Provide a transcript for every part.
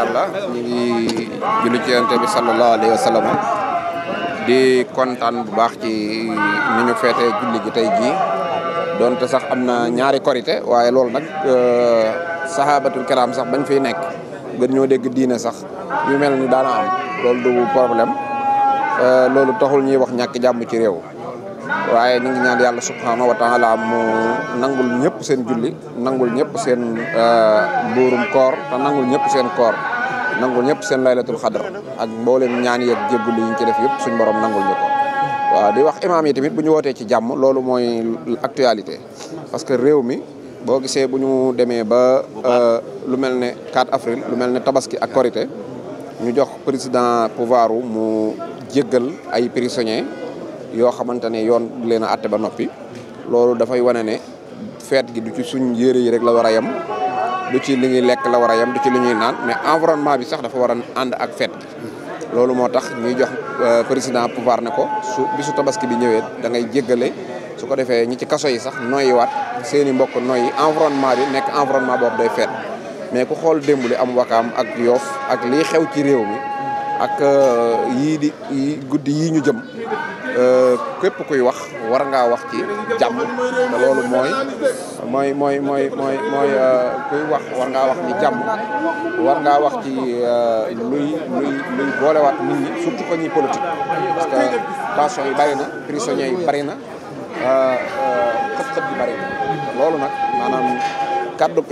yàlla ñu ngi julli ci yonent bi sallallahu alayhi wa di kontaan bu baax ci ñu ñu feete julli gi tey jii donte sax am na ñaari korité waaye loolu nag euh, sahabatul kiram sax bañ fiy nekk gën ñoo dégg diine sax yu mel ni daana am loolu du problème euh, loolu taxul ñuy wax ñàkk jàmm ci réew waaye ñu ngi ñaan yàlla subhanahu wa taala mu nangul ñëpp seen julli nangul ñëpp seen euh, buurum koor te nangul ñëpp seen koor nangul ñëpp seen laylatul xadar ak mboolem ñaan yeeg jéggul yi ñu ci def yëpp suñ borom nangul ñu waaw di wax imaam yi tamit bu ñu wootee ci jàmm loolu mooy actualité parce que réew mi boo gisee bu ñu demee ba euh, lu mel ne 4 avril lu mel ne tabaski ak korité ñu jox président pouvoir mu jéggal ay prisonniers yoo xamante ne yoon leen a àtte ba noppi loolu dafay wane ne feet gi du ci suñ yére yi rek la war a yem du ci li ñuy lekk la war a yem du ci li ñuy naan mais environnement bi sax dafa war a ànd ak fête loolu moo tax ñuy jox euh, président pouvoir ne ko su bisu tabaski bi ñëwee da ngay jéggale su ko defee ñi ci kaso yi sax noyyiwaat seen i mbokk noyyi environnement bi nekk environnement boobu day fête mais ku xool démb li am wakaam ak yoof ak lii xew ci réew mi ak euh, yii di guddi yii ñu jëm euh, képp kuy wax war ngaa wax ci jàmm te loolu mooy mooy euh, wax war ngaa wax ci jàmm ngaa wax ci luy luy luy boolewaat nit ñi surtout que ñuy politique parce yi bari na prisonniers yi bari na xët-xët yi bari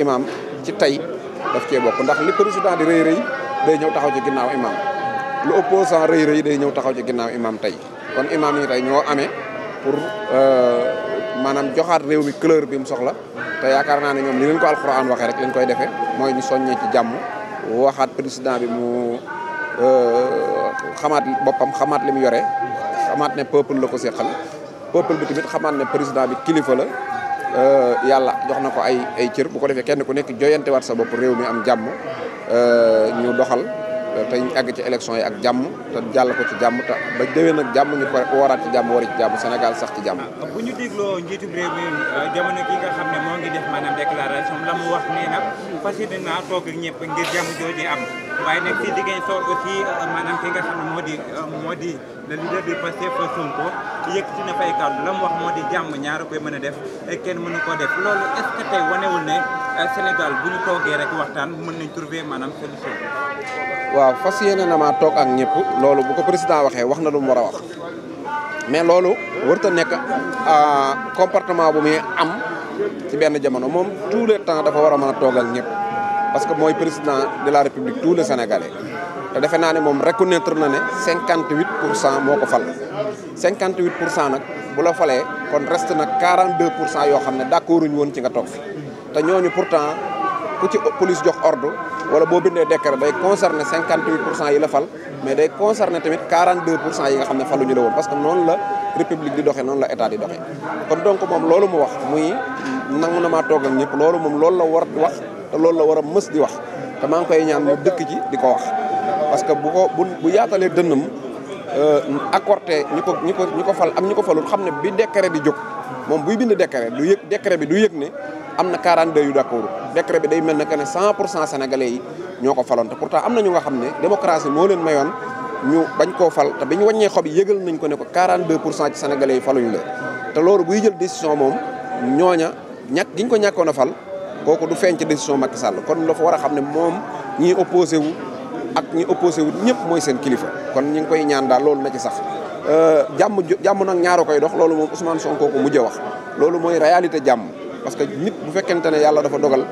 na ci tey daf cee ndax li président di rëy rëy day ñëw taxaw ci ginnaaw imaam lu opposant rëy rëy day ñëw taxaw ci ginnaaw imam tey kon imam yi tey ñoo amee pour euh, maanaam joxaat réew mi couleur bi mu soxla te yaakaar naa ne ñoom ni leen ko alxuraan waxee rek lañ koy defee mooy ñu soññee ci jàmm waxaat président bi mu euh, xamaat boppam xamaat li mu yore xamaat ne peuple la ko seqal peuple xamaat ne président bi kilifa la euh, yàlla jox na ko ay ay cër bu ko defee kenn ku nekk joyantewaat sa bopp réew mi am jàmm ñu doxal tey ñu àgg ci élection yi ak jàmm te jàll ko ci jàmm te ba déwén ak jàmm ñu ko waraat ci jàmm wari ci jàmm Sénégal sax ci jàmm. Ah, bu ñu dégloo njiitu réew mi euh, jamono gi nga xam ne moo ngi def maanaam déclaration la mu wax nee nag fas yéene naa toog ak ñëpp ngir jàmm jooju am waaye nag si diggante soor aussi euh, maanaam ki nga xam ne moo di euh, moo di le leader du Pastef Sonko yëkkati na fay kàddu la mu wax moo di jàmm ñaar koy mën a def kenn mënu ko def loolu est-ce ne. Euh, Sénégal bu ñu toogee rek waxtaan mën nañ trouver maanaam waaw fas yéene na maa toog ak ñëpp loolu bu ko président waxee wax na lu war a wax mais loolu warut a nekk euh, comportement bu muy am ci benn jamono moom tout les temps dafa war a mën a toog ak ñëpp parce que mooy président de la république tous les sénégalais te defe naa ne moom reconnaître na ne 58 pour cent moo ko fal 58 pour cent nag bu la falee kon reste na 42 pour cent yoo xam ne d'accorduñ woon ci nga toog fi. te ñooñu pourtant ku ci police jox ordre wala boo bindee décret day concerné 58 pour cent yi la fal mais day concerné tamit 42 pour cent yi nga xam ne faluñu la woon parce que noonu la république di doxee noonu la état di doxee kon donc moom loolu mu wax muy nangu na maa toog ak ñëpp loolu moom loolu la war wax te loolu la war a mës di wax te maa ngi koy ñaan mu dëkk ci di ko wax parce que bu ko bu bu yaatalee dënnam Euh, accordé ñu ko ñu ko ñu ko fal am ñu ko falul xam ne bi décret di jóg moom buy bind décret du yëg décret bi du yëg ne am na 42 yu d'accord décret bi day mel ne que ne cent pour cent sénégalais yi ñoo ko faloon te pourtant am na ñu nga xam ne démocratie moo leen mayoon ñu bañ koo fal te bi ñu wàññee xob yëgal nañ ko ne ko 42 pour cent ci sénégalais yi faluñu la te loolu buy jël décision moom ñooña ñàkk gi ñu ko ñàkkoon a fal kooku du feeñ ci décision Macky Sall kon la fa war a xam ne moom ñiy opposé wu ak ñu opposé wu ñëpp mooy seen kilifa kon ñu ngi koy ñaan daal loolu na ci sax euh, jàmm jàmm nag ñaaro koy dox loolu moom Ousmane Sonko ko mujj a wax loolu mooy réalité jàmm parce que nit bu fekkente ne yàlla dafa dogal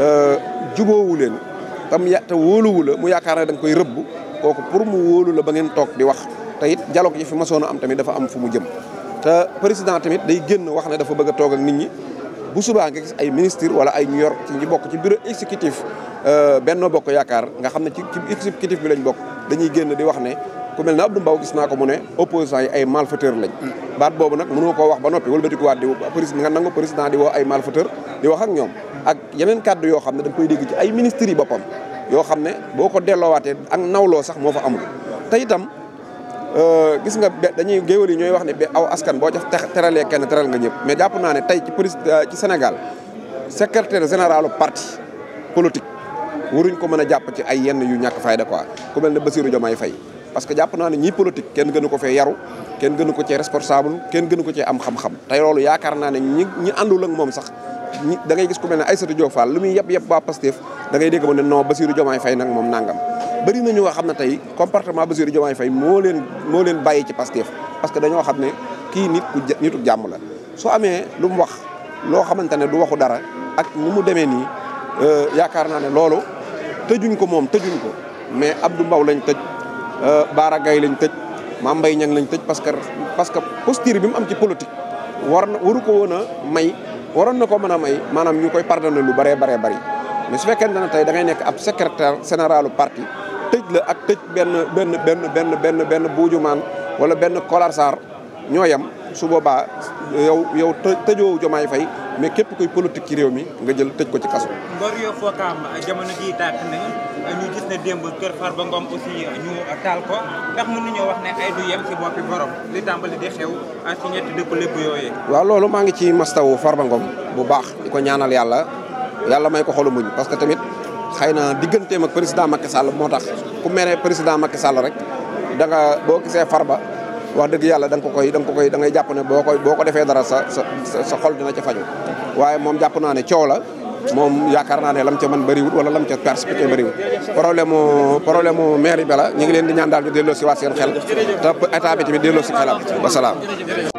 euh, jubóowu leen tam ya te wóoluwu la mu yaakaar ne danga koy rëbb kooku pour mu wóolu la ba ngeen toog di wax te it dialogue yi fi ma a am tamit dafa am fu mu jëm te président tamit day génn wax ne dafa bëgg a nit ñi bu subaa nga gis ay ministre wala ay ñu yor ci ñi bokk ci bureau exécutif euh, Benno Bokk Yaakaar nga xam ne ci ci bi lañ bokk dañuy génn di wax ne ku mel ne Abdou Mbow gis naa ko mu ne opposants yi ay malfaiteurs lañ hmm. baat boobu nag mënoo koo wax ba noppi wëlbatikuwaat di président nga nangu président di woo ay malfaiteurs di wax ak ñoom ak yeneen kàddu yoo xam ne dañ koy dégg ci ay ministres yi boppam yoo xam ne boo ko delloowaatee ak nawloo sax moo fa amul te itam Euh, gis nga dañuy géwél yi ñooy wax ne ba aw askan boo ca teralee kenn teral nga ñëpp mais jàpp naa ne tey ci président euh, ci Sénégal secrétaire généralu parti politique waruñ ko mën a jàpp ci ay yenn yu ñàkk fayda quoi ku mel ne Bassirou jàpp naa ne ñii kenn gënu ko fee yaru kenn gënu ko cee responsable kenn gënu ko cee am xam tey loolu yaakaar naa ne ñi ñi àndul ak moom sax ñi da ngay gis ku mel lu muy yëpp yëpp waa Pastef da ngay dégg mu ne non Bassirou Diomaye Faye nag moom nangam bari nañu nga xam ne tey comportement Bassirou Diomaye Faye moo leen moo leen bàyyi ci Pastef parce que dañoo xam ne kii nit ku nitu jàmm la soo amee lu mu wax loo xamante ne du waxu dara ak ni mu demee nii euh, yaakaar naa ne loolu tëjuñ ko moom tëjuñ ko mais Abdou Mbow lañ tëj euh, Bara Gaye lañ tëj Mame Mbaye Niang lañ tëj parce que parce que posture bi mu am ci politique war na waru ko woon a may waroon na ko mën a may maanaam ñu koy pardonné lu bëree baree bëri mais su fekkente ne tey da nekk ab secrétaire généralu parti tëj la ak tëj benn benn benn benn benn benn buujumaan wala benn Kolar ñoo yam su boobaa yow yow tëjoo Jomaay Fay mais képp kuy politique ci réew mi nga jël tëj ko ci kaso. Ngor yoo Fokaam jamono jii tàkk na ñu gis ne démb kër Farba Ngom aussi ñu taal ko ndax mën nañoo wax ne ay du yem si boppi borom li tàmbali di xew si ñetti dëkk lépp yooyee. waaw loolu maa ngi ci mastawu Farba Ngom bu baax di ko ñaanal yàlla yàlla may ko xolu muñ parce que tamit. xëy na digganteem ak président Macky Sall moo tax ku mere président Macky Sall rek da nga boo gisee Farba wax dëgg yàlla da ko koy da nga ko koy da ngay jàpp ne boo koy boo ko defee dara sa sa sa xol dina ca faju waaye moom jàpp naa ne coow la moom yaakaar naa ne lam ca man bëriwut wala lam ca perspective bëriwut problème mu problème mu maire la ñu ngi leen di ñaan daal ñu delloo si waat seen xel te état bi tamit delloo si xelam wasalaam